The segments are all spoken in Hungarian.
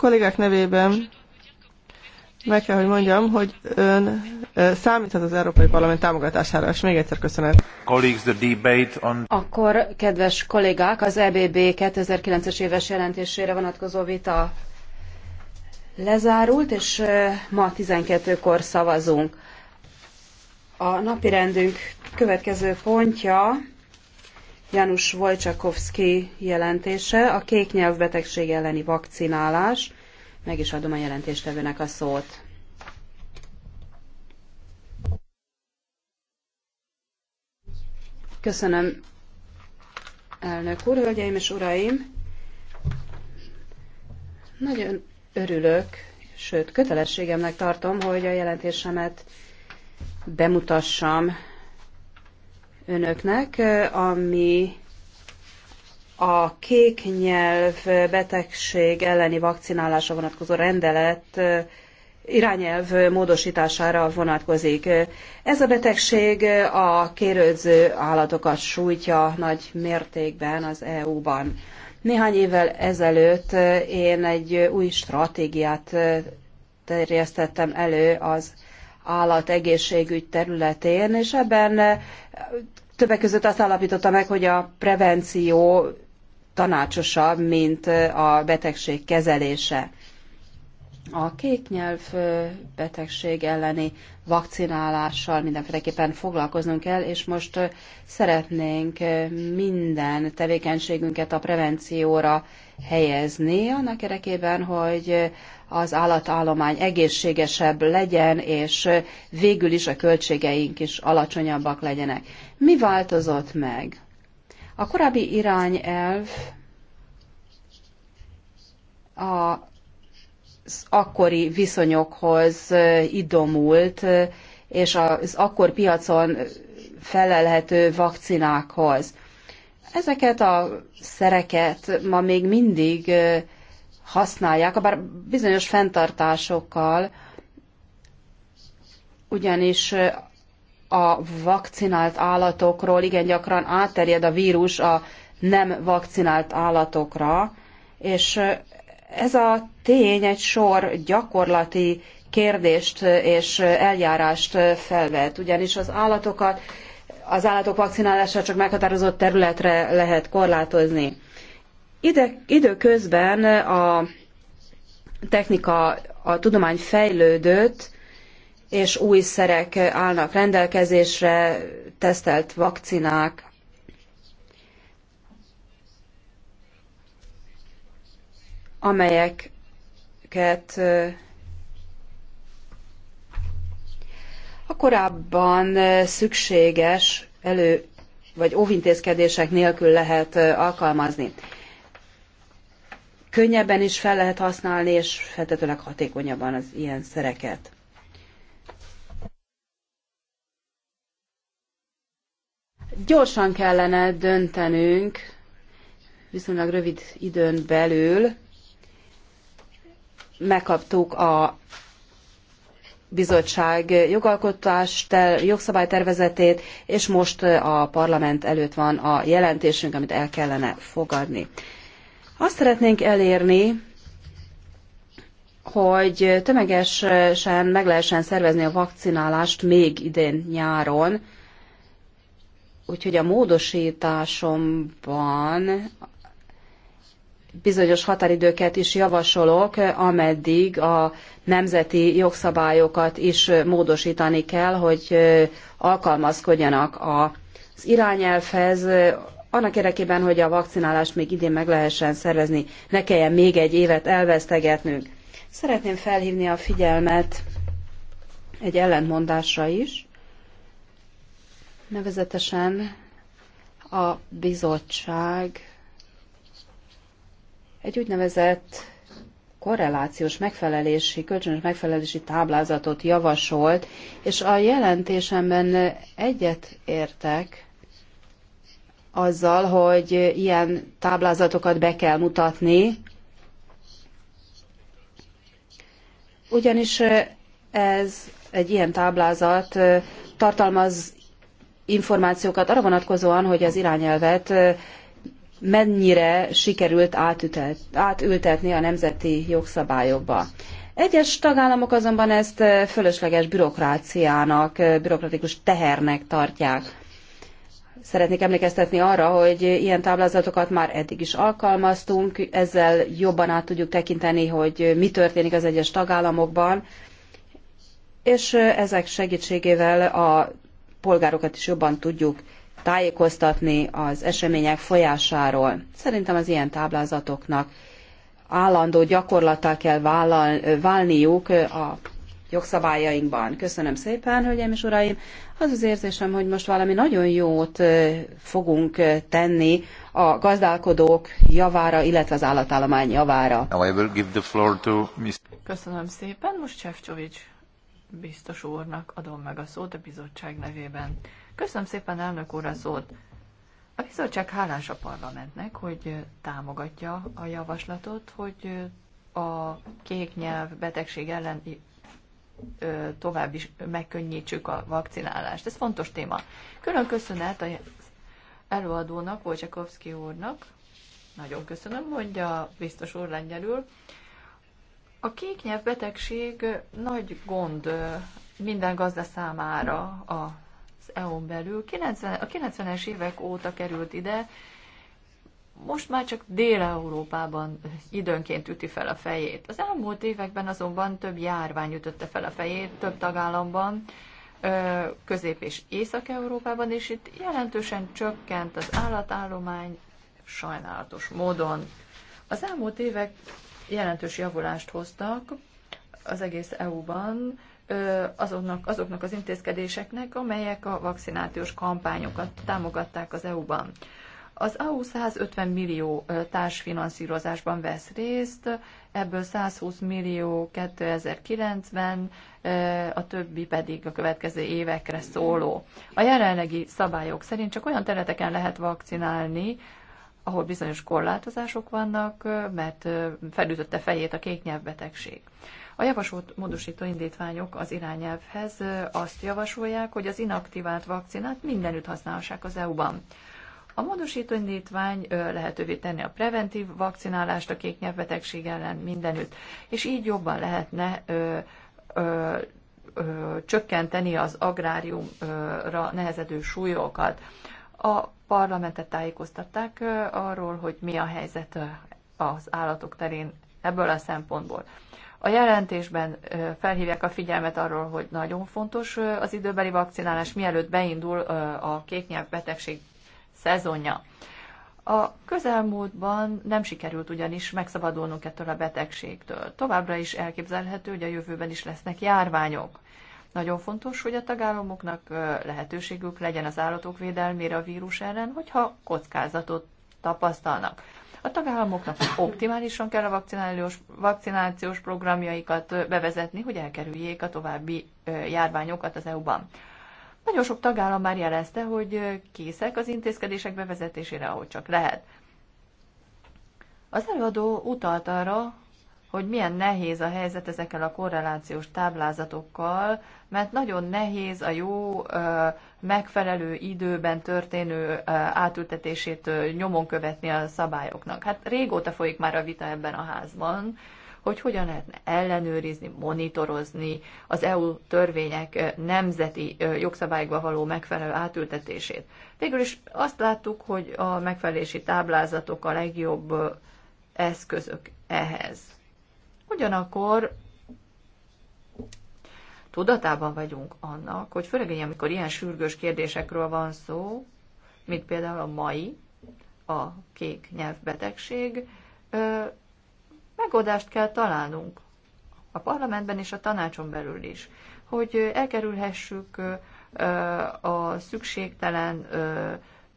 kollégák nevében meg kell, hogy mondjam, hogy ön számíthat az Európai Parlament támogatására, és még egyszer köszönet. Akkor, kedves kollégák, az EBB 2009-es éves jelentésére vonatkozó vita lezárult, és ma 12-kor szavazunk. A napirendünk következő pontja Janusz Wojciechowski jelentése, a kék nyelvbetegség elleni vakcinálás. Meg is adom a jelentéstevőnek a szót. Köszönöm, elnök úr, hölgyeim és uraim! Nagyon örülök, sőt kötelességemnek tartom, hogy a jelentésemet bemutassam önöknek, ami a kék nyelv betegség elleni vakcinálásra vonatkozó rendelet irányelv módosítására vonatkozik. Ez a betegség a kérődző állatokat sújtja nagy mértékben az EU-ban. Néhány évvel ezelőtt én egy új stratégiát terjesztettem elő az állategészségügy területén, és ebben eh, többek között azt állapította meg, hogy a prevenció tanácsosabb, mint eh, a betegség kezelése. A kéknyelv eh, betegség elleni vakcinálással mindenféleképpen foglalkoznunk kell, és most szeretnénk minden tevékenységünket a prevencióra helyezni, annak érdekében, hogy az állatállomány egészségesebb legyen, és végül is a költségeink is alacsonyabbak legyenek. Mi változott meg? A korábbi irányelv a az akkori viszonyokhoz idomult, és az akkor piacon felelhető vakcinákhoz. Ezeket a szereket ma még mindig használják, bár bizonyos fenntartásokkal, ugyanis a vakcinált állatokról igen gyakran átterjed a vírus a nem vakcinált állatokra, és ez a tény egy sor gyakorlati kérdést és eljárást felvet, ugyanis az állatokat, az állatok vakcinálása csak meghatározott területre lehet korlátozni. Ide, időközben a technika, a tudomány fejlődött, és új szerek állnak rendelkezésre, tesztelt vakcinák. amelyeket a korábban szükséges elő vagy óvintézkedések nélkül lehet alkalmazni könnyebben is fel lehet használni, és feltetőleg hatékonyabban az ilyen szereket. Gyorsan kellene döntenünk, viszonylag rövid időn belül megkaptuk a bizottság jogalkotás jogszabálytervezetét, és most a parlament előtt van a jelentésünk, amit el kellene fogadni. Azt szeretnénk elérni, hogy tömegesen meg lehessen szervezni a vakcinálást még idén nyáron, úgyhogy a módosításomban bizonyos határidőket is javasolok, ameddig a nemzeti jogszabályokat is módosítani kell, hogy alkalmazkodjanak az irányelvhez, annak érdekében, hogy a vakcinálást még idén meg lehessen szervezni, ne kelljen még egy évet elvesztegetnünk. Szeretném felhívni a figyelmet egy ellentmondásra is, nevezetesen a bizottság egy úgynevezett korrelációs megfelelési, kölcsönös megfelelési táblázatot javasolt, és a jelentésemben egyet értek, azzal, hogy ilyen táblázatokat be kell mutatni, ugyanis ez egy ilyen táblázat tartalmaz információkat arra vonatkozóan, hogy az irányelvet mennyire sikerült átütet, átültetni a nemzeti jogszabályokba. Egyes tagállamok azonban ezt fölösleges bürokráciának, bürokratikus tehernek tartják. Szeretnék emlékeztetni arra, hogy ilyen táblázatokat már eddig is alkalmaztunk, ezzel jobban át tudjuk tekinteni, hogy mi történik az egyes tagállamokban, és ezek segítségével a polgárokat is jobban tudjuk tájékoztatni az események folyásáról. Szerintem az ilyen táblázatoknak állandó gyakorlattal kell vállal, válniuk a jogszabályainkban. Köszönöm szépen, hölgyeim és uraim! Az az érzésem, hogy most valami nagyon jót fogunk tenni a gazdálkodók javára, illetve az állatállomány javára. Köszönöm szépen, most Csefcsovics biztos úrnak adom meg a szót a bizottság nevében. Köszönöm szépen, elnök úr, a szót. A bizottság hálás a parlamentnek, hogy támogatja a javaslatot, hogy a kék nyelv betegség elleni tovább is megkönnyítsük a vakcinálást. Ez fontos téma. Külön köszönet az előadónak, Wojciechowski úrnak. Nagyon köszönöm, mondja biztos úr lengyelül. A kéknyelv betegség nagy gond minden gazda számára az EU-n belül. A 90-es évek óta került ide, most már csak Dél-Európában időnként üti fel a fejét. Az elmúlt években azonban több járvány ütötte fel a fejét, több tagállamban, Közép- és Észak-Európában, és itt jelentősen csökkent az állatállomány sajnálatos módon. Az elmúlt évek jelentős javulást hoztak az egész EU-ban azoknak, azoknak az intézkedéseknek, amelyek a vakcinációs kampányokat támogatták az EU-ban. Az AU 150 millió társfinanszírozásban vesz részt, ebből 120 millió 2009-ben, a többi pedig a következő évekre szóló. A jelenlegi szabályok szerint csak olyan területeken lehet vakcinálni, ahol bizonyos korlátozások vannak, mert felütötte fejét a kéknyelvbetegség. A javasolt módosító indítványok az irányelvhez azt javasolják, hogy az inaktivált vakcinát mindenütt használhassák az EU-ban. A módosító indítvány lehetővé tenni a preventív vakcinálást a kéknyelvbetegség ellen mindenütt, és így jobban lehetne ö, ö, ö, csökkenteni az agráriumra nehezedő súlyokat. A parlamentet tájékoztatták arról, hogy mi a helyzet az állatok terén ebből a szempontból. A jelentésben felhívják a figyelmet arról, hogy nagyon fontos az időbeli vakcinálás, mielőtt beindul a kéknyelv betegség szezonja. A közelmúltban nem sikerült ugyanis megszabadulnunk ettől a betegségtől. Továbbra is elképzelhető, hogy a jövőben is lesznek járványok. Nagyon fontos, hogy a tagállamoknak lehetőségük legyen az állatok védelmére a vírus ellen, hogyha kockázatot tapasztalnak. A tagállamoknak optimálisan kell a vakcinációs, vakcinációs programjaikat bevezetni, hogy elkerüljék a további járványokat az EU-ban. Nagyon sok tagállam már jelezte, hogy készek az intézkedések bevezetésére, ahogy csak lehet. Az előadó utalt arra, hogy milyen nehéz a helyzet ezekkel a korrelációs táblázatokkal, mert nagyon nehéz a jó, megfelelő időben történő átültetését nyomon követni a szabályoknak. Hát régóta folyik már a vita ebben a házban, hogy hogyan lehetne ellenőrizni, monitorozni az EU törvények nemzeti jogszabályokba való megfelelő átültetését. Végül is azt láttuk, hogy a megfelelési táblázatok a legjobb eszközök ehhez. Ugyanakkor tudatában vagyunk annak, hogy főleg így, amikor ilyen sürgős kérdésekről van szó, mint például a mai, a kék nyelvbetegség, Megoldást kell találnunk a parlamentben és a tanácson belül is, hogy elkerülhessük a szükségtelen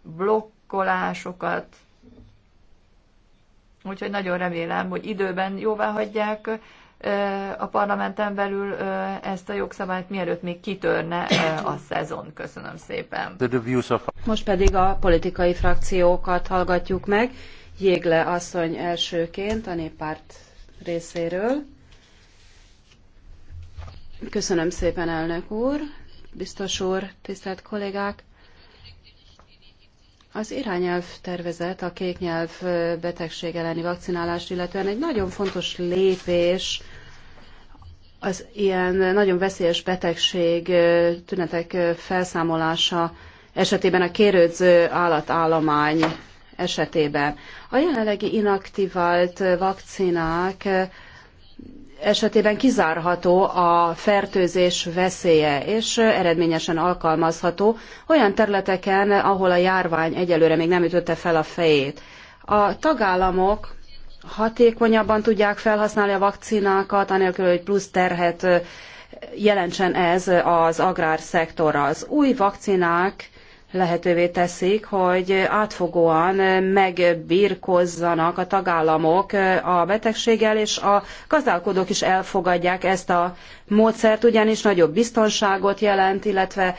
blokkolásokat, úgyhogy nagyon remélem, hogy időben jóvá hagyják a parlamenten belül ezt a jogszabályt, mielőtt még kitörne a szezon. Köszönöm szépen. Most pedig a politikai frakciókat hallgatjuk meg. Jégle asszony elsőként a néppárt részéről. Köszönöm szépen, elnök úr, biztos úr, tisztelt kollégák! Az irányelv tervezet a kéknyelv betegség elleni vakcinálást, illetően egy nagyon fontos lépés az ilyen nagyon veszélyes betegség tünetek felszámolása esetében a kérődző állatállomány esetében. A jelenlegi inaktivált vakcinák esetében kizárható a fertőzés veszélye, és eredményesen alkalmazható olyan területeken, ahol a járvány egyelőre még nem ütötte fel a fejét. A tagállamok hatékonyabban tudják felhasználni a vakcinákat, anélkül, hogy plusz terhet jelentsen ez az agrárszektorra. Az új vakcinák lehetővé teszik, hogy átfogóan megbírkozzanak a tagállamok a betegséggel, és a gazdálkodók is elfogadják ezt a módszert, ugyanis nagyobb biztonságot jelent, illetve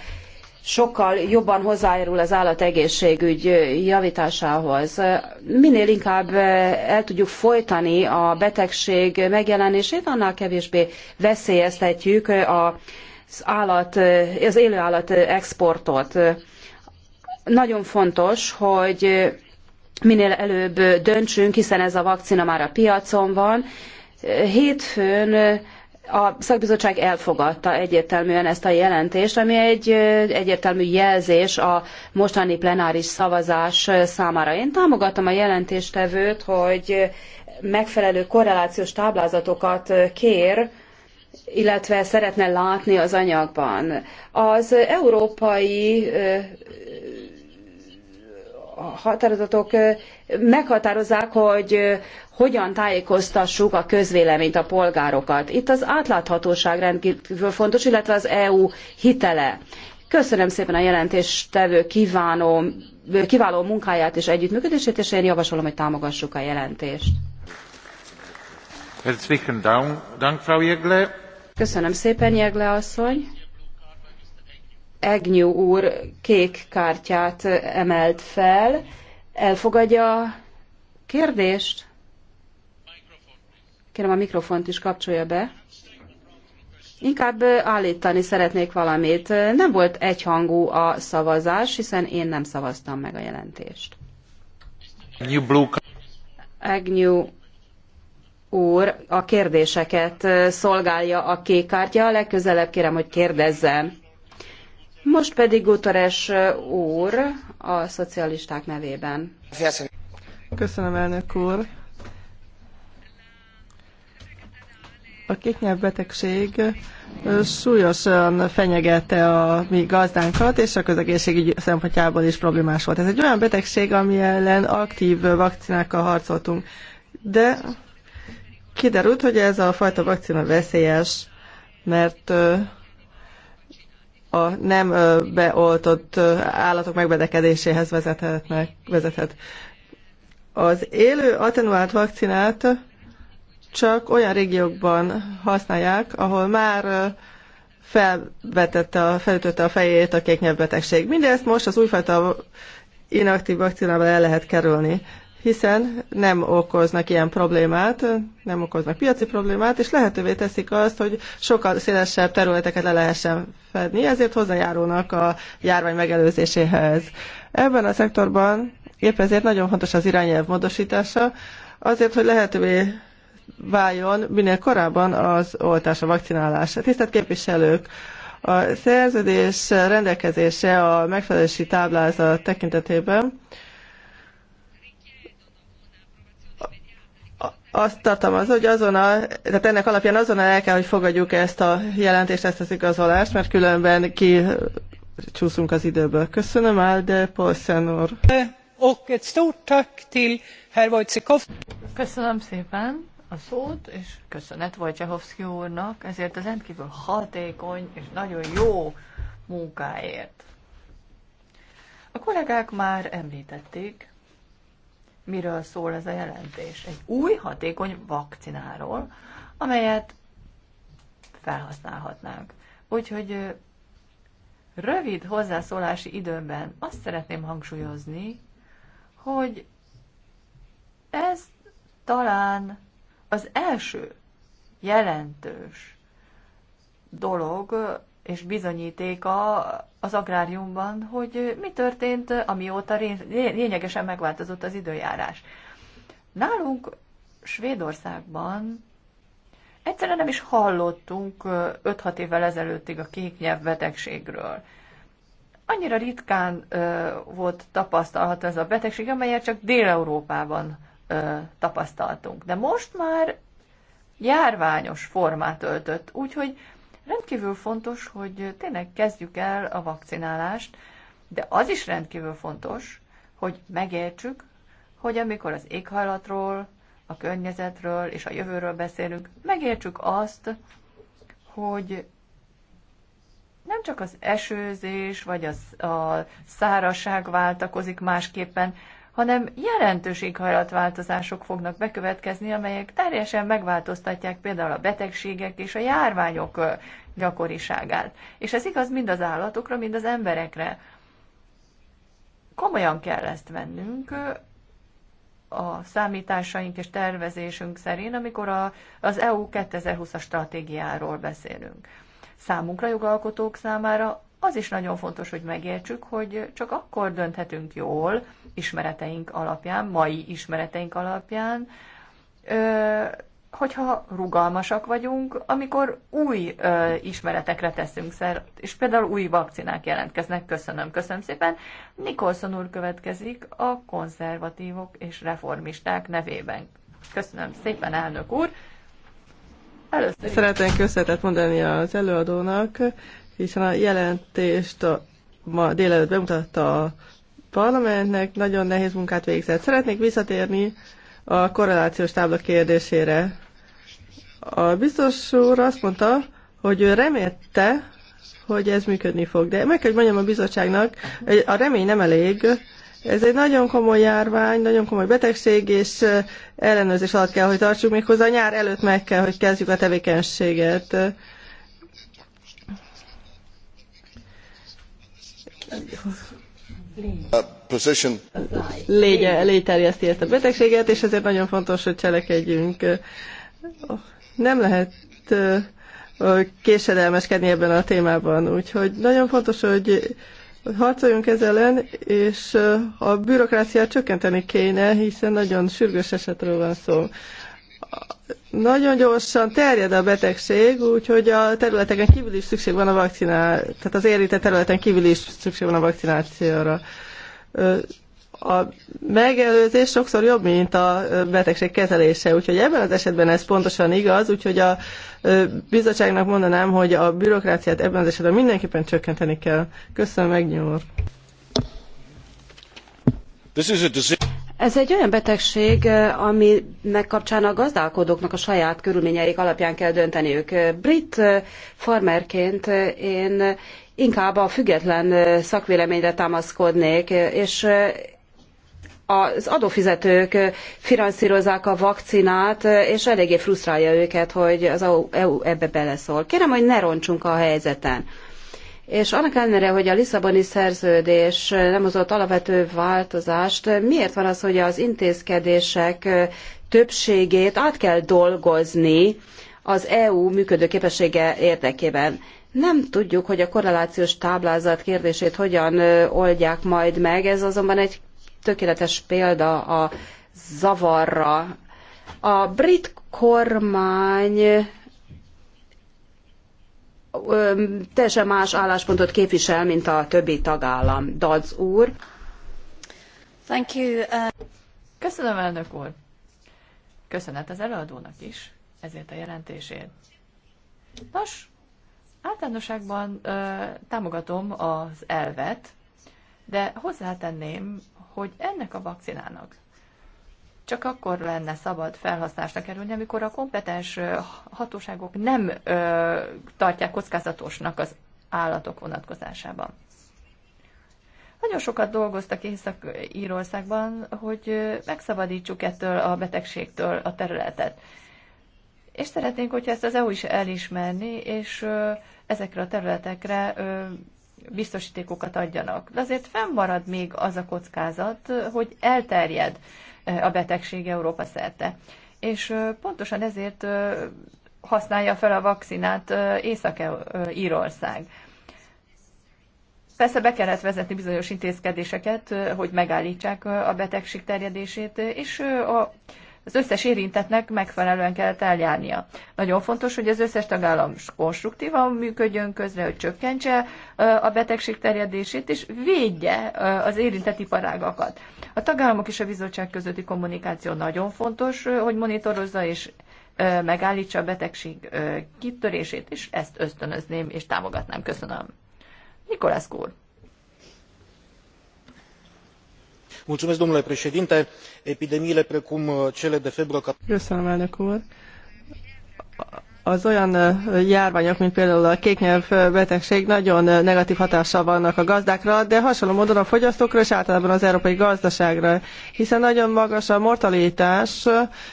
sokkal jobban hozzájárul az állategészségügy javításához. Minél inkább el tudjuk folytani a betegség megjelenését, annál kevésbé veszélyeztetjük az állat, az élőállat exportot nagyon fontos, hogy minél előbb döntsünk, hiszen ez a vakcina már a piacon van. Hétfőn a szakbizottság elfogadta egyértelműen ezt a jelentést, ami egy egyértelmű jelzés a mostani plenáris szavazás számára. Én támogatom a jelentéstevőt, hogy megfelelő korrelációs táblázatokat kér, illetve szeretne látni az anyagban. Az európai határozatok meghatározzák, hogy hogyan tájékoztassuk a közvéleményt, a polgárokat. Itt az átláthatóság rendkívül fontos, illetve az EU hitele. Köszönöm szépen a jelentéstevő kívánó, kiváló munkáját és együttműködését, és én javasolom, hogy támogassuk a jelentést. Köszönöm szépen, Jegle asszony. Egnyú úr kék kártyát emelt fel. Elfogadja a kérdést? Kérem a mikrofont is kapcsolja be. Inkább állítani szeretnék valamit. Nem volt egyhangú a szavazás, hiszen én nem szavaztam meg a jelentést. New Blue Agnew úr a kérdéseket szolgálja a kék kártya. Legközelebb kérem, hogy kérdezzen. Most pedig Guterres úr a szocialisták nevében. Köszönöm, elnök úr. A betegség súlyosan fenyegette a mi gazdánkat, és a közegészségügy szempontjából is problémás volt. Ez egy olyan betegség, ami ellen aktív vakcinákkal harcoltunk. De kiderült, hogy ez a fajta vakcina veszélyes, mert a nem beoltott állatok megbetegedéséhez vezethetnek, vezethet. Az élő attenuált vakcinát csak olyan régiókban használják, ahol már felvetette, a, felütötte a fejét a kéknyelvbetegség. Mindezt most az újfajta inaktív vakcinával el lehet kerülni hiszen nem okoznak ilyen problémát, nem okoznak piaci problémát, és lehetővé teszik azt, hogy sokkal szélesebb területeket le lehessen fedni, ezért hozzájárulnak a járvány megelőzéséhez. Ebben a szektorban épp ezért nagyon fontos az irányelv módosítása, azért, hogy lehetővé váljon minél korábban az oltás, a vakcinálás. Tisztelt képviselők, a szerződés rendelkezése a megfelelési táblázat tekintetében azt tartalmaz, hogy azonnal, tehát ennek alapján azonnal el kell, hogy fogadjuk ezt a jelentést, ezt az igazolást, mert különben ki csúszunk az időből. Köszönöm, Alde Polsen úr. Köszönöm szépen a szót, és köszönet Vojtsehovszki úrnak ezért az rendkívül hatékony és nagyon jó munkáért. A kollégák már említették, miről szól ez a jelentés. Egy új, hatékony vakcináról, amelyet felhasználhatnánk. Úgyhogy rövid hozzászólási időben azt szeretném hangsúlyozni, hogy ez talán az első jelentős dolog, és bizonyítéka az agráriumban, hogy mi történt, amióta lényegesen megváltozott az időjárás. Nálunk Svédországban egyszerűen nem is hallottunk 5-6 évvel ezelőttig a kéknyelv betegségről. Annyira ritkán ö, volt tapasztalható ez a betegség, amelyet csak Dél-Európában tapasztaltunk. De most már járványos formát öltött, úgyhogy Rendkívül fontos, hogy tényleg kezdjük el a vakcinálást, de az is rendkívül fontos, hogy megértsük, hogy amikor az éghajlatról, a környezetről és a jövőről beszélünk, megértsük azt, hogy nem csak az esőzés vagy az, a szárasság váltakozik másképpen, hanem jelentős éghajlatváltozások fognak bekövetkezni, amelyek teljesen megváltoztatják például a betegségek és a járványok gyakoriságát. És ez igaz mind az állatokra, mind az emberekre. Komolyan kell ezt vennünk a számításaink és tervezésünk szerint, amikor a, az EU 2020-as stratégiáról beszélünk. Számunkra, jogalkotók számára az is nagyon fontos, hogy megértsük, hogy csak akkor dönthetünk jól ismereteink alapján, mai ismereteink alapján, hogyha rugalmasak vagyunk, amikor új ö, ismeretekre teszünk szert, és például új vakcinák jelentkeznek. Köszönöm, köszönöm szépen. Nikolson úr következik a konzervatívok és reformisták nevében. Köszönöm szépen, elnök úr. Először Szeretnénk köszönetet mondani az előadónak, hiszen a jelentést ma délelőtt bemutatta a parlamentnek, nagyon nehéz munkát végzett. Szeretnék visszatérni a korrelációs tábla kérdésére. A biztos úr azt mondta, hogy ő remélte, hogy ez működni fog. De meg kell, hogy mondjam a bizottságnak, a remény nem elég. Ez egy nagyon komoly járvány, nagyon komoly betegség, és eh, ellenőrzés alatt kell, hogy tartsuk méghozzá. A nyár előtt meg kell, hogy kezdjük a tevékenységet. légy, légyterjeszti ezt a betegséget, és ezért nagyon fontos, hogy cselekedjünk. Nem lehet késedelmeskedni ebben a témában, úgyhogy nagyon fontos, hogy harcoljunk ezzel ellen, és a bürokráciát csökkenteni kéne, hiszen nagyon sürgős esetről van szó nagyon gyorsan terjed a betegség, úgyhogy a területeken kívül is szükség van a vakcinára, tehát az érintett területen kívül is szükség van a vakcinációra. A megelőzés sokszor jobb, mint a betegség kezelése, úgyhogy ebben az esetben ez pontosan igaz, úgyhogy a bizottságnak mondanám, hogy a bürokráciát ebben az esetben mindenképpen csökkenteni kell. Köszönöm, megnyomor. This is a decision. Ez egy olyan betegség, aminek kapcsán a gazdálkodóknak a saját körülményeik alapján kell dönteniük. Brit farmerként én inkább a független szakvéleményre támaszkodnék, és az adófizetők finanszírozzák a vakcinát, és eléggé frusztrálja őket, hogy az EU e ebbe beleszól. Kérem, hogy ne roncsunk a helyzeten. És annak ellenére, hogy a Lisszaboni szerződés nem hozott alapvető változást, miért van az, hogy az intézkedések többségét át kell dolgozni az EU működőképessége érdekében? Nem tudjuk, hogy a korrelációs táblázat kérdését hogyan oldják majd meg, ez azonban egy tökéletes példa a zavarra. A brit kormány teljesen más álláspontot képvisel, mint a többi tagállam. Dadz úr. Thank you. Uh, Köszönöm, elnök úr. Köszönet az előadónak is ezért a jelentésért. Nos, általánosságban ö, támogatom az elvet, de hozzátenném, hogy ennek a vakcinának csak akkor lenne szabad felhasználásra kerülni, amikor a kompetens hatóságok nem ö, tartják kockázatosnak az állatok vonatkozásában. Nagyon sokat dolgoztak Észak-Írországban, hogy megszabadítsuk ettől a betegségtől a területet. És szeretnénk, hogyha ezt az EU is elismerni, és ö, ezekre a területekre ö, biztosítékokat adjanak. De azért fennmarad még az a kockázat, hogy elterjed a betegség Európa szerte. És pontosan ezért használja fel a vakcinát Észak-Írország. Persze be kellett vezetni bizonyos intézkedéseket, hogy megállítsák a betegség terjedését, és a az összes érintetnek megfelelően kellett eljárnia. Nagyon fontos, hogy az összes tagállam konstruktívan működjön közre, hogy csökkentse a betegség terjedését, és védje az érintett iparágakat. A tagállamok és a bizottság közötti kommunikáció nagyon fontos, hogy monitorozza és megállítsa a betegség kitörését, és ezt ösztönözném és támogatnám. Köszönöm. Nikolász úr. Mulțumesc, domnule președinte epidemiile precum uh, cele de febră. Köszönöm, elnök úr. Az olyan uh, járványok, mint például a kéknyelv uh, betegség nagyon negatív hatással vannak a gazdákra, de hasonló módon a fogyasztókra és általában az európai gazdaságra, hiszen nagyon magas a mortalitás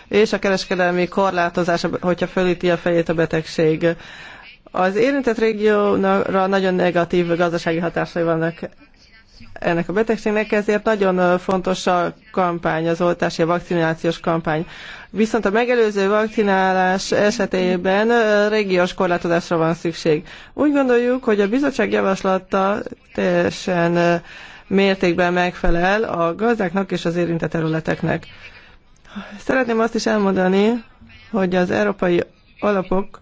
és a kereskedelmi korlátozás, hogyha fölíti a fejét a betegség. Az érintett régióra nagyon negatív gazdasági hatásai vannak ennek a betegségnek, ezért nagyon fontos a kampány, az oltási a vakcinációs kampány. Viszont a megelőző vakcinálás esetében régiós korlátozásra van szükség. Úgy gondoljuk, hogy a bizottság javaslata teljesen mértékben megfelel a gazdáknak és az érintett területeknek. Szeretném azt is elmondani, hogy az európai alapok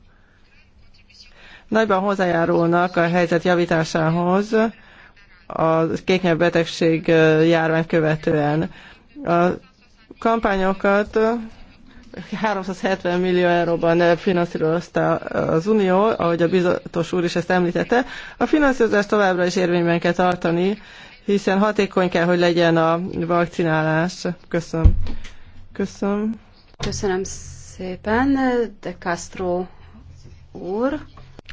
nagyban hozzájárulnak a helyzet javításához, a kéknyelv betegség járvány követően. A kampányokat 370 millió euróban finanszírozta az Unió, ahogy a bizatos úr is ezt említette. A finanszírozást továbbra is érvényben kell tartani, hiszen hatékony kell, hogy legyen a vakcinálás. Köszönöm. Köszönöm. Köszönöm szépen, de Castro úr.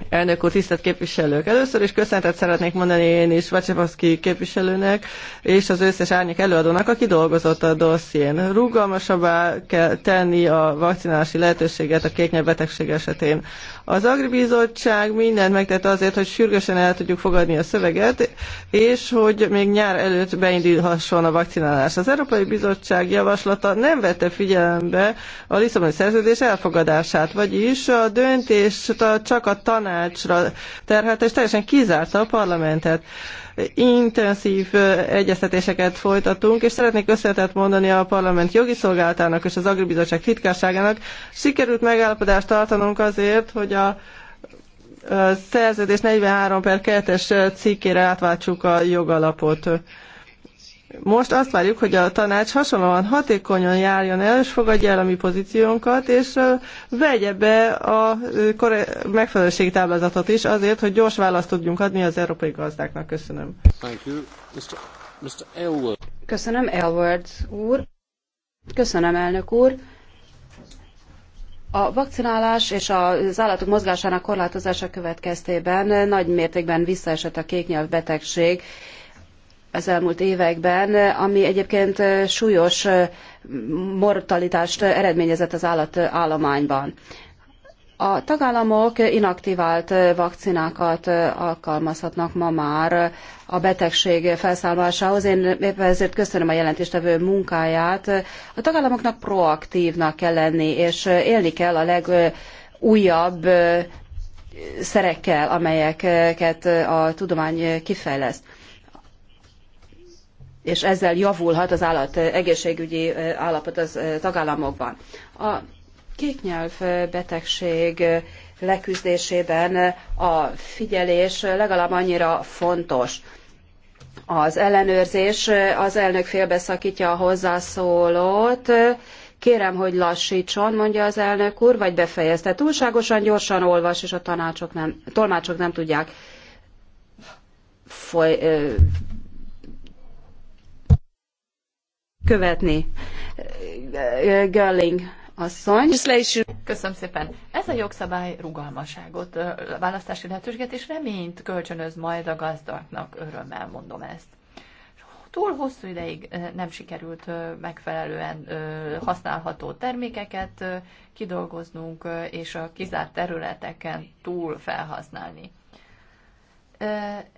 Elnök úr, tisztelt képviselők! Először is köszöntet szeretnék mondani én is Vacsevaszki képviselőnek és az összes árnyék előadónak, aki dolgozott a dosszién. Rugalmasabbá kell tenni a vakcinálási lehetőséget a kéknyelv betegség esetén. Az Agribizottság mindent megtett azért, hogy sürgősen el tudjuk fogadni a szöveget, és hogy még nyár előtt beindulhasson a vakcinálás. Az Európai Bizottság javaslata nem vette figyelembe a Lisszaboni szerződés elfogadását, vagyis a döntést csak a tanácsra terhelte, és teljesen kizárta a parlamentet. Intenzív egyeztetéseket folytatunk, és szeretnék összetett mondani a parlament jogi szolgálatának és az Agribizottság titkárságának. Sikerült megállapodást tartanunk azért, hogy a szerződés 43 per 2-es cikkére átváltsuk a jogalapot. Most azt várjuk, hogy a tanács hasonlóan hatékonyan járjon el, és fogadja el a mi pozíciónkat, és vegye be a megfelelőségi táblázatot is azért, hogy gyors választ tudjunk adni az európai gazdáknak. Köszönöm. Thank you. Mr. Mr. Köszönöm, Elward úr. Köszönöm, elnök úr. A vakcinálás és az állatok mozgásának korlátozása következtében nagy mértékben visszaesett a kéknyelv betegség az elmúlt években, ami egyébként súlyos mortalitást eredményezett az állatállományban. A tagállamok inaktivált vakcinákat alkalmazhatnak ma már a betegség felszámolásához. Én éppen ezért köszönöm a jelentéstevő munkáját. A tagállamoknak proaktívnak kell lenni, és élni kell a legújabb szerekkel, amelyeket a tudomány kifejleszt és ezzel javulhat az állat eh, egészségügyi eh, állapot az eh, tagállamokban. A kéknyelv betegség leküzdésében a figyelés legalább annyira fontos. Az ellenőrzés, az elnök félbeszakítja a hozzászólót, Kérem, hogy lassítson, mondja az elnök úr, vagy befejezte. Túlságosan gyorsan olvas, és a tanácsok nem, tolmácsok nem tudják foly, ö, követni. Görling asszony. Köszönöm szépen. Ez a jogszabály rugalmaságot, választási lehetőséget és reményt kölcsönöz majd a gazdáknak. örömmel mondom ezt. Túl hosszú ideig nem sikerült megfelelően használható termékeket kidolgoznunk, és a kizárt területeken túl felhasználni.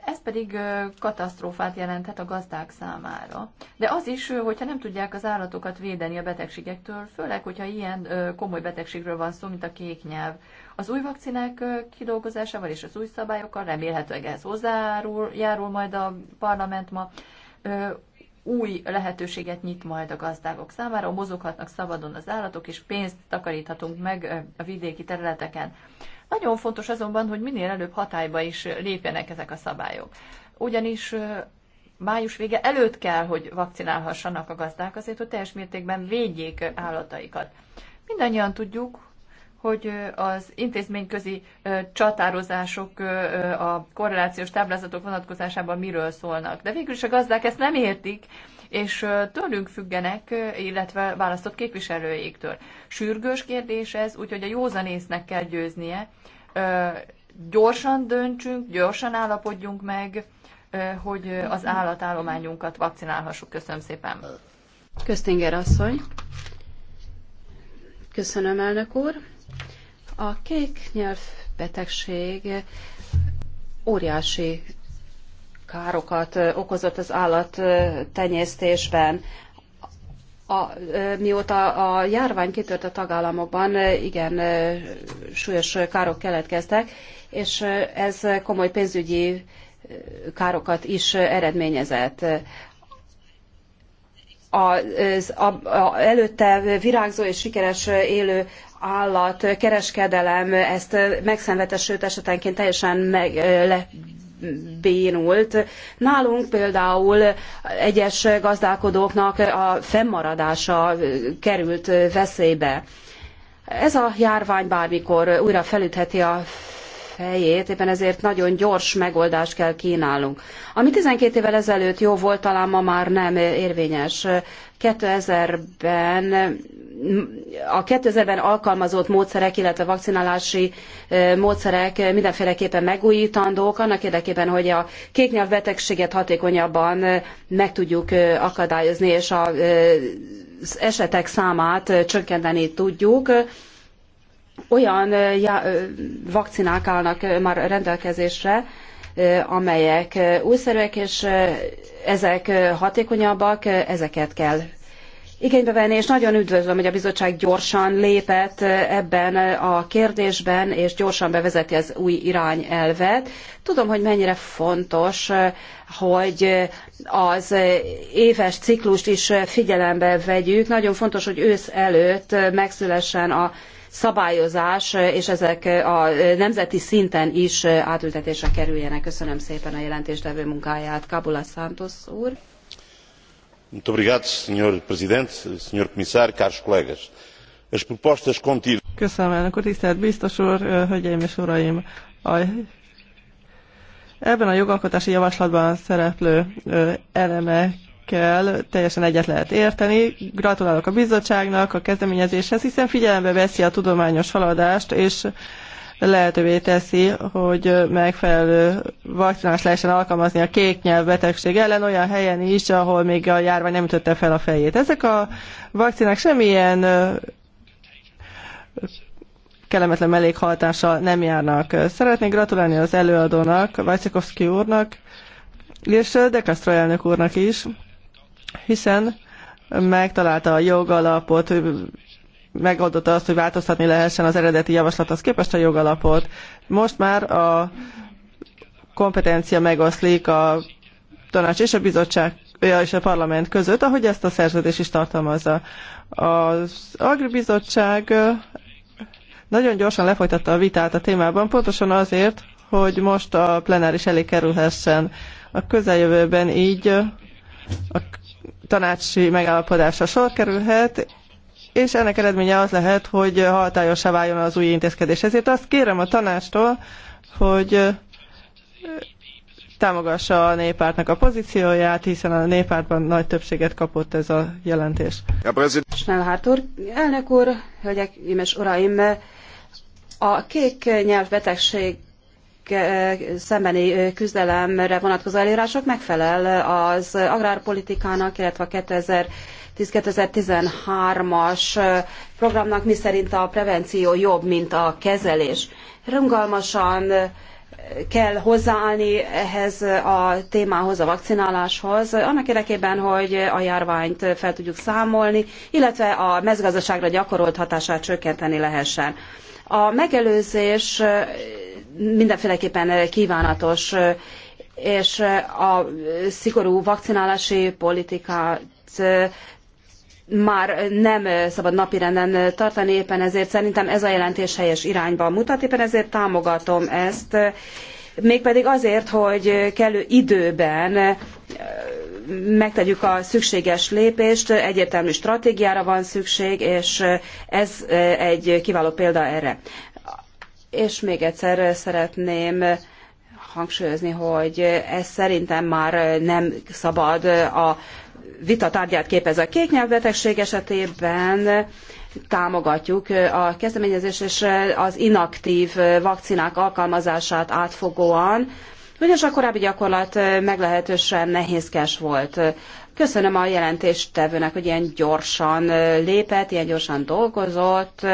Ez pedig katasztrófát jelenthet a gazdák számára. De az is, hogyha nem tudják az állatokat védeni a betegségektől, főleg, hogyha ilyen komoly betegségről van szó, mint a kéknyelv. Az új vakcinák kidolgozásával és az új szabályokkal remélhetőleg ez hozzájárul járul majd a parlament ma, új lehetőséget nyit majd a gazdágok számára, mozoghatnak szabadon az állatok, és pénzt takaríthatunk meg a vidéki területeken. Nagyon fontos azonban, hogy minél előbb hatályba is lépjenek ezek a szabályok. Ugyanis május vége előtt kell, hogy vakcinálhassanak a gazdák azért, hogy teljes mértékben védjék állataikat. Mindannyian tudjuk, hogy az intézményközi csatározások a korrelációs táblázatok vonatkozásában miről szólnak. De végül is a gazdák ezt nem értik, és tőlünk függenek, illetve választott képviselőjéktől. Sürgős kérdés ez, úgyhogy a józanésznek kell győznie. Gyorsan döntsünk, gyorsan állapodjunk meg, hogy az állatállományunkat vakcinálhassuk. Köszönöm szépen. Köztinger asszony. Köszönöm, elnök úr. A kék nyelv betegség óriási károkat okozott az állattenyésztésben. A, mióta a járvány kitört a tagállamokban, igen, súlyos károk keletkeztek, és ez komoly pénzügyi károkat is eredményezett. Az a, a, előtte virágzó és sikeres élő állat kereskedelem ezt megszenvedte, sőt esetenként teljesen meg, le, bénult. Nálunk például egyes gazdálkodóknak a fennmaradása került veszélybe. Ez a járvány bármikor újra felütheti a fejét, éppen ezért nagyon gyors megoldást kell kínálnunk. Ami 12 évvel ezelőtt jó volt, talán ma már nem érvényes. 2000-ben a 2000-ben alkalmazott módszerek, illetve vakcinálási módszerek mindenféleképpen megújítandók, annak érdekében, hogy a kéknyelv betegséget hatékonyabban meg tudjuk akadályozni, és az esetek számát csökkenteni tudjuk. Olyan vakcinák állnak már rendelkezésre, amelyek újszerűek, és ezek hatékonyabbak, ezeket kell igénybe venni, és nagyon üdvözlöm, hogy a bizottság gyorsan lépett ebben a kérdésben, és gyorsan bevezeti az új irányelvet. Tudom, hogy mennyire fontos, hogy az éves ciklust is figyelembe vegyük. Nagyon fontos, hogy ősz előtt megszülessen a szabályozás, és ezek a nemzeti szinten is átültetésre kerüljenek. Köszönöm szépen a jelentéstevő munkáját, Kabula Santos úr senhor presidente senhor comissário caros colegas as propostas contidas. elnök úr tisztelt biztos úr hölgyeim és uraim! ebben a jogalkotási javaslatban szereplő elemekkel teljesen egyet lehet érteni. Gratulálok a bizottságnak a kezdeményezéshez, hiszen figyelembe veszi a tudományos haladást és lehetővé teszi, hogy megfelelő vakcinás lehessen alkalmazni a kék nyelv betegség ellen olyan helyen is, ahol még a járvány nem ütötte fel a fejét. Ezek a vakcinák semmilyen kellemetlen mellékhatással nem járnak. Szeretnék gratulálni az előadónak, Vajcikovszki úrnak, és Dekasztro elnök úrnak is, hiszen megtalálta a jogalapot, megoldotta azt, hogy változtatni lehessen az eredeti javaslathoz képest a jogalapot. Most már a kompetencia megoszlik a tanács és a bizottság és a parlament között, ahogy ezt a szerződés is tartalmazza. Az Agribizottság nagyon gyorsan lefolytatta a vitát a témában, pontosan azért, hogy most a plenáris elé kerülhessen a közeljövőben így a tanácsi megállapodásra sor kerülhet, és ennek eredménye az lehet, hogy hatályosá váljon az új intézkedés. Ezért azt kérem a tanástól, hogy támogassa a néppártnak a pozícióját, hiszen a néppártban nagy többséget kapott ez a jelentés. Snellhárt úr, elnök úr, hölgyek imes uraim, a kék nyelvbetegség szembeni küzdelemre vonatkozó előírások megfelel az agrárpolitikának, illetve a 2010-2013-as programnak, miszerint a prevenció jobb, mint a kezelés. Rungalmasan kell hozzáállni ehhez a témához, a vakcináláshoz, annak érdekében, hogy a járványt fel tudjuk számolni, illetve a mezőgazdaságra gyakorolt hatását csökkenteni lehessen. A megelőzés mindenféleképpen kívánatos, és a szigorú vakcinálási politikát már nem szabad napirenden tartani, éppen ezért szerintem ez a jelentés helyes irányba mutat, éppen ezért támogatom ezt, mégpedig azért, hogy kellő időben eh, megtegyük a szükséges lépést, egyértelmű stratégiára van szükség, és ez eh, egy kiváló példa erre. És még egyszer szeretném hangsúlyozni, hogy ez szerintem már nem szabad a vita tárgyát képez a kéknyelvbetegség esetében. Támogatjuk a kezdeményezés és az inaktív vakcinák alkalmazását átfogóan, ugyanis a korábbi gyakorlat meglehetősen nehézkes volt. Köszönöm a jelentéstevőnek, hogy ilyen gyorsan lépett, ilyen gyorsan dolgozott,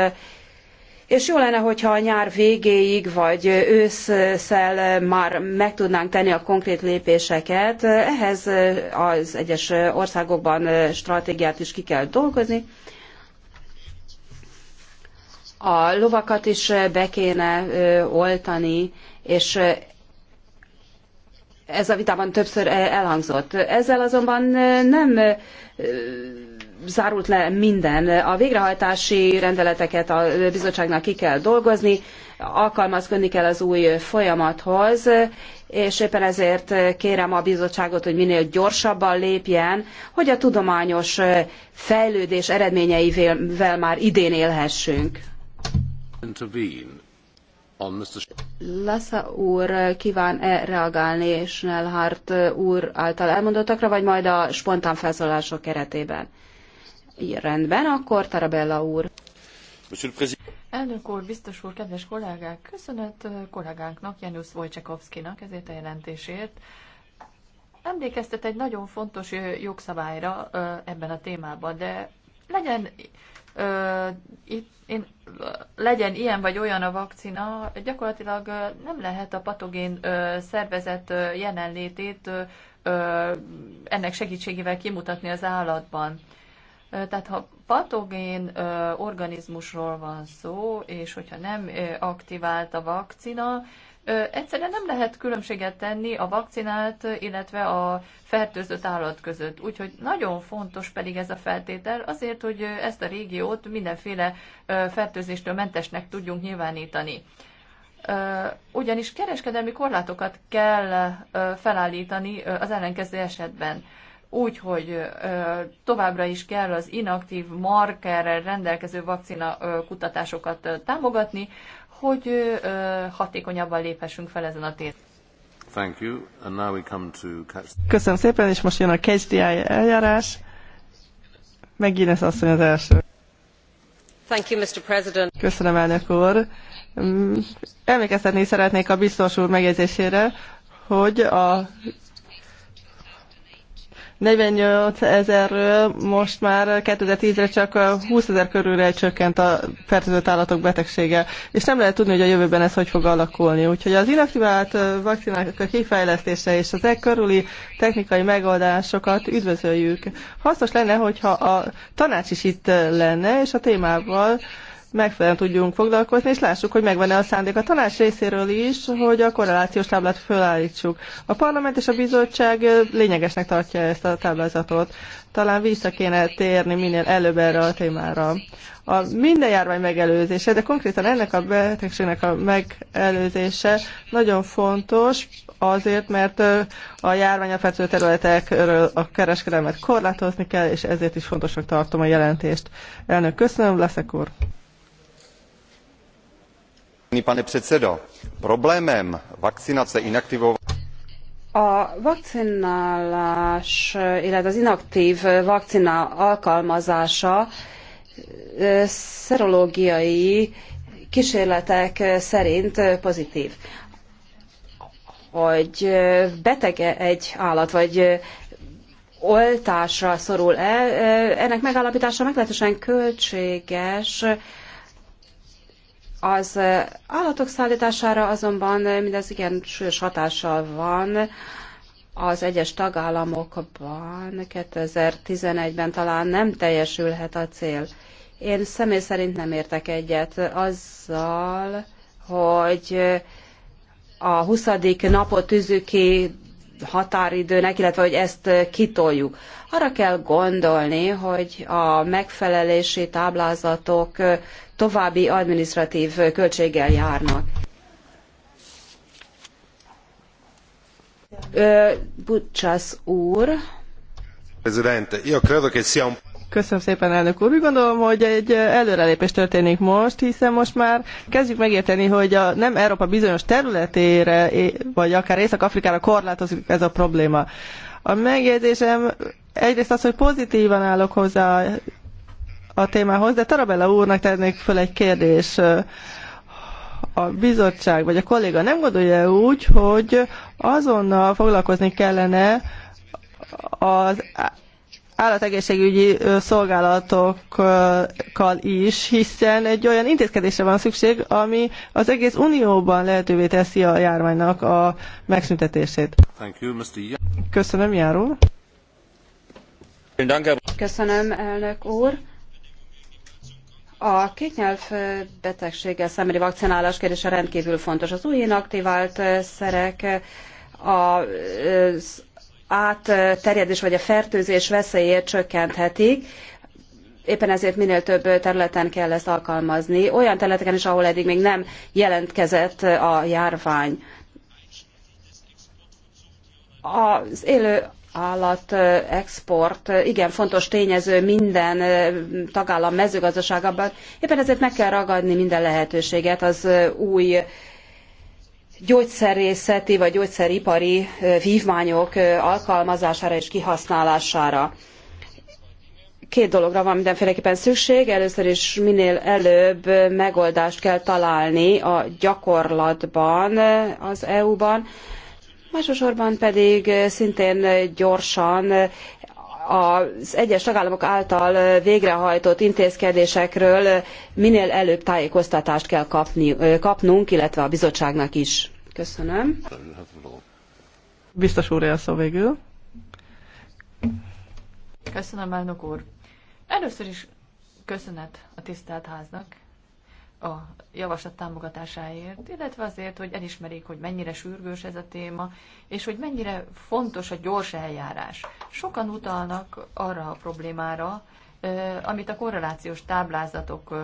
és jó lenne, hogyha a nyár végéig vagy ősszel már meg tudnánk tenni a konkrét lépéseket. Ehhez az egyes országokban stratégiát is ki kell dolgozni. A lovakat is be kéne oltani, és ez a vitában többször e-, elhangzott. Ezzel azonban nem zárult le minden. A végrehajtási rendeleteket a bizottságnak ki kell dolgozni, alkalmazkodni kell az új folyamathoz, és éppen ezért kérem a bizottságot, hogy minél gyorsabban lépjen, hogy a tudományos fejlődés eredményeivel már idén élhessünk. Lassa úr kíván-e reagálni és Nelhart úr által elmondottakra, vagy majd a spontán felszólalások keretében? Rendben, akkor Tarabella úr. Elnök úr, biztos úr, kedves kollégák, köszönet kollégánknak, Janusz Wojciechowskinak ezért a jelentésért. Emlékeztet egy nagyon fontos jogszabályra ebben a témában, de legyen legyen ilyen vagy olyan a vakcina, gyakorlatilag nem lehet a patogén szervezet jelenlétét ennek segítségével kimutatni az állatban. Tehát ha patogén organizmusról van szó, és hogyha nem aktivált a vakcina, egyszerűen nem lehet különbséget tenni a vakcinált, illetve a fertőzött állat között. Úgyhogy nagyon fontos pedig ez a feltétel azért, hogy ezt a régiót mindenféle fertőzéstől mentesnek tudjunk nyilvánítani. Ugyanis kereskedelmi korlátokat kell felállítani az ellenkező esetben úgy, hogy továbbra is kell az inaktív markerrel rendelkező vakcina kutatásokat támogatni, hogy hatékonyabban léphessünk fel ezen a téren. Thank you. And now we come to catch... Köszönöm szépen, és most jön a KSDI eljárás. Megint ez asszony az első. Thank you, Mr. President. Köszönöm, elnök úr. Mm, emlékeztetni szeretnék a biztos úr megjegyzésére, hogy a 48 ezerről most már 2010-re csak 20 ezer körülre csökkent a fertőzött állatok betegsége, és nem lehet tudni, hogy a jövőben ez hogy fog alakulni. Úgyhogy az inaktivált vakcinák a kifejlesztése és az e körüli technikai megoldásokat üdvözöljük. Hasznos lenne, hogyha a tanács is itt lenne, és a témával megfelelően tudjunk foglalkozni, és lássuk, hogy megvan-e a szándék a tanács részéről is, hogy a korrelációs táblát fölállítsuk. A parlament és a bizottság lényegesnek tartja ezt a táblázatot. Talán vissza kéne térni minél előbb erre a témára. A minden járvány megelőzése, de konkrétan ennek a betegségnek a megelőzése nagyon fontos, azért, mert a járvány a fertőző területekről a kereskedelmet korlátozni kell, és ezért is fontosnak tartom a jelentést. Elnök, köszönöm, leszek úr! pane problémem vakcinace a vakcinálás, illetve az inaktív vakcina alkalmazása e, szerológiai kísérletek szerint pozitív. Hogy betege egy állat, vagy oltásra szorul-e, e, ennek megállapítása meglehetősen költséges, az állatok szállítására azonban mindez igen súlyos hatással van. Az egyes tagállamokban 2011-ben talán nem teljesülhet a cél. Én személy szerint nem értek egyet azzal, hogy a 20. napot tűzük ki határidőnek, illetve hogy ezt eh, kitoljuk. Arra kell gondolni, hogy a megfelelési táblázatok eh, további administratív eh, költséggel járnak. Bucsász úr. Presidente, io credo che sia un Köszönöm szépen, elnök úr. Úgy gondolom, hogy egy előrelépés történik most, hiszen most már kezdjük megérteni, hogy a nem Európa bizonyos területére, vagy akár Észak-Afrikára korlátozik ez a probléma. A megjegyzésem egyrészt az, hogy pozitívan állok hozzá a témához, de Tarabella úrnak tennék föl egy kérdés. A bizottság vagy a kolléga nem gondolja úgy, hogy azonnal foglalkozni kellene az állategészségügyi szolgálatokkal is, hiszen egy olyan intézkedésre van szükség, ami az egész unióban lehetővé teszi a járványnak a megszüntetését. Köszönöm, járó. Köszönöm, elnök úr. A kétnyelv betegséggel szembeni vakcinálás kérdése rendkívül fontos. Az új inaktivált szerek a átterjedés vagy a fertőzés veszélyét csökkenthetik. Éppen ezért minél több területen kell ezt alkalmazni, olyan területeken is, ahol eddig még nem jelentkezett a járvány. Az élő állat export igen fontos tényező minden tagállam mezőgazdaságában. Éppen ezért meg kell ragadni minden lehetőséget az új gyógyszerészeti vagy gyógyszeripari vívmányok alkalmazására és kihasználására. Két dologra van mindenféleképpen szükség. Először is minél előbb megoldást kell találni a gyakorlatban az EU-ban, másosorban pedig szintén gyorsan az egyes tagállamok által végrehajtott intézkedésekről minél előbb tájékoztatást kell kapni, kapnunk, illetve a bizottságnak is. Köszönöm. Biztos úr a végül. Köszönöm, elnök úr. Először is köszönet a tisztelt háznak a javaslat támogatásáért, illetve azért, hogy elismerik, hogy mennyire sürgős ez a téma, és hogy mennyire fontos a gyors eljárás. Sokan utalnak arra a problémára, amit a korrelációs táblázatok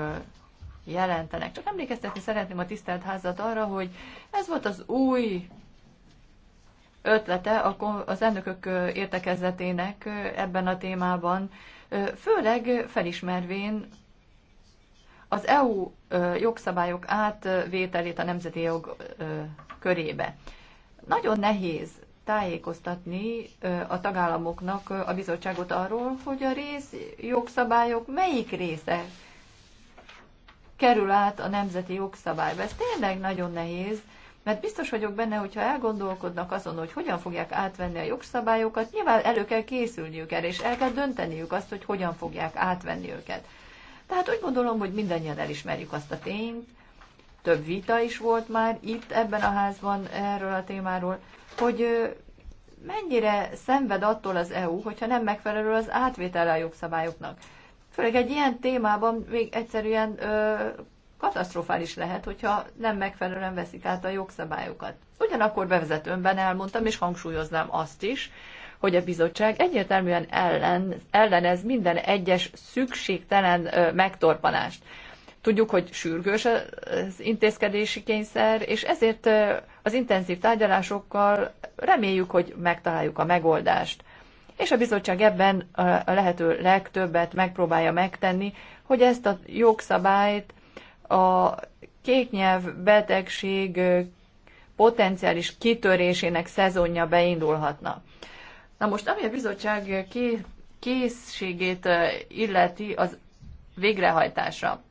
jelentenek. Csak emlékeztetni szeretném a tisztelt házat arra, hogy ez volt az új ötlete az elnökök értekezletének ebben a témában, főleg felismervén az EU jogszabályok átvételét a nemzeti jog körébe. Nagyon nehéz tájékoztatni a tagállamoknak a bizottságot arról, hogy a rész jogszabályok melyik része kerül át a nemzeti jogszabályba. Ez tényleg nagyon nehéz, mert biztos vagyok benne, hogyha elgondolkodnak azon, hogy hogyan fogják átvenni a jogszabályokat, nyilván elő kell készülniük erre, és el kell dönteniük azt, hogy hogyan fogják átvenni őket. Tehát úgy gondolom, hogy mindannyian elismerjük azt a tényt, több vita is volt már itt ebben a házban erről a témáról, hogy mennyire szenved attól az EU, hogyha nem megfelelő az átvétele a jogszabályoknak. Főleg egy ilyen témában még egyszerűen ö, katasztrofális lehet, hogyha nem megfelelően veszik át a jogszabályokat. Ugyanakkor bevezetőmben elmondtam, és hangsúlyoznám azt is, hogy a bizottság egyértelműen ellen, ellenez minden egyes szükségtelen ö, megtorpanást. Tudjuk, hogy sürgős az intézkedési kényszer, és ezért az intenzív tárgyalásokkal reméljük, hogy megtaláljuk a megoldást és a bizottság ebben a lehető legtöbbet megpróbálja megtenni, hogy ezt a jogszabályt a kéknyelv betegség potenciális kitörésének szezonja beindulhatna. Na most, ami a bizottság készségét illeti az végrehajtásra.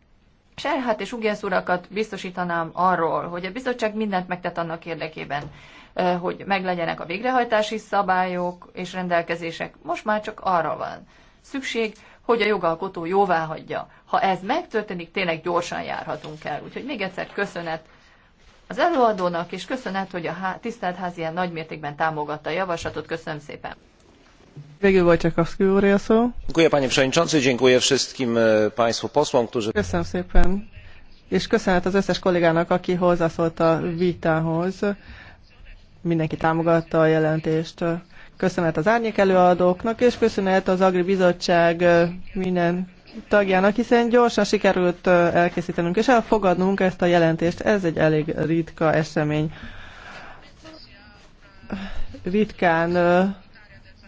Serhát és Ugyász urakat biztosítanám arról, hogy a bizottság mindent megtett annak érdekében, hogy meglegyenek a végrehajtási szabályok és rendelkezések. Most már csak arra van szükség, hogy a jogalkotó jóvá hagyja. Ha ez megtörténik, tényleg gyorsan járhatunk el. Úgyhogy még egyszer köszönet az előadónak, és köszönet, hogy a tisztelt ház ilyen nagymértékben támogatta a javaslatot. Köszönöm szépen! Dziękuję panie przewodniczący, dziękuję wszystkim e, państwu posłom, którzy... Köszönöm szépen. És köszönet az összes kollégának, aki hozzászólt a vitához. Mindenki támogatta a jelentést. Köszönet az árnyék előadóknak, és köszönet az Agri Bizottság e, minden tagjának, hiszen gyorsan sikerült e, elkészítenünk és elfogadnunk ezt a jelentést. Ez egy elég ritka esemény. Ritkán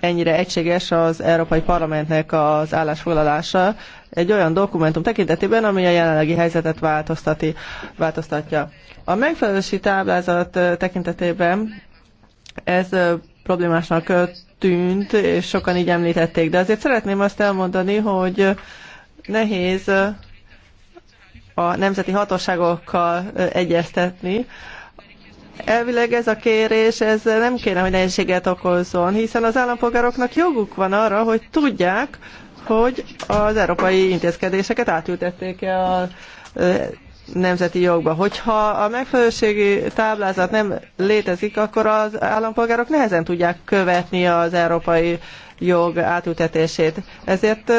ennyire egységes az Európai Parlamentnek az állásfoglalása egy olyan dokumentum tekintetében, ami a jelenlegi helyzetet változtati, változtatja. A megfelelési táblázat tekintetében ez problémásnak tűnt, és sokan így említették, de azért szeretném azt elmondani, hogy nehéz a nemzeti hatóságokkal egyeztetni, Elvileg ez a kérés, ez nem kéne, hogy nehézséget okozzon, hiszen az állampolgároknak joguk van arra, hogy tudják, hogy az európai intézkedéseket átültették-e a nemzeti jogba. Hogyha a megfelelőségi táblázat nem létezik, akkor az állampolgárok nehezen tudják követni az európai jog átültetését. Ezért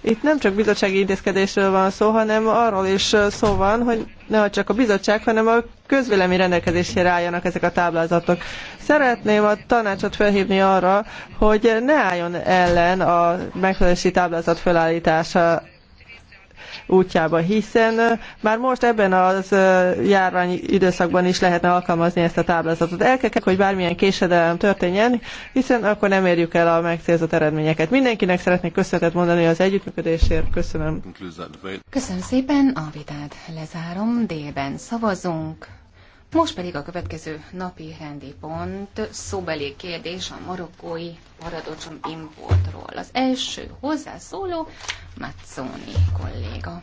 itt nem csak bizottsági intézkedésről van szó, hanem arról is szó van, hogy ne csak a bizottság, hanem a közvélemény rendelkezésére álljanak ezek a táblázatok. Szeretném a tanácsot felhívni arra, hogy ne álljon ellen a megfelelési táblázat felállítása útjába, hiszen már most ebben az járvány időszakban is lehetne alkalmazni ezt a táblázatot. El kell, hogy bármilyen késedelem történjen, hiszen akkor nem érjük el a megcélzott eredményeket. Mindenkinek szeretnék köszönetet mondani az együttműködésért. Köszönöm. Köszönöm szépen, a vitát lezárom, délben szavazunk. Most pedig a következő napi rendi pont, szóbeli kérdés a marokkói paradocsom importról. Az első hozzászóló Mazzoni kolléga.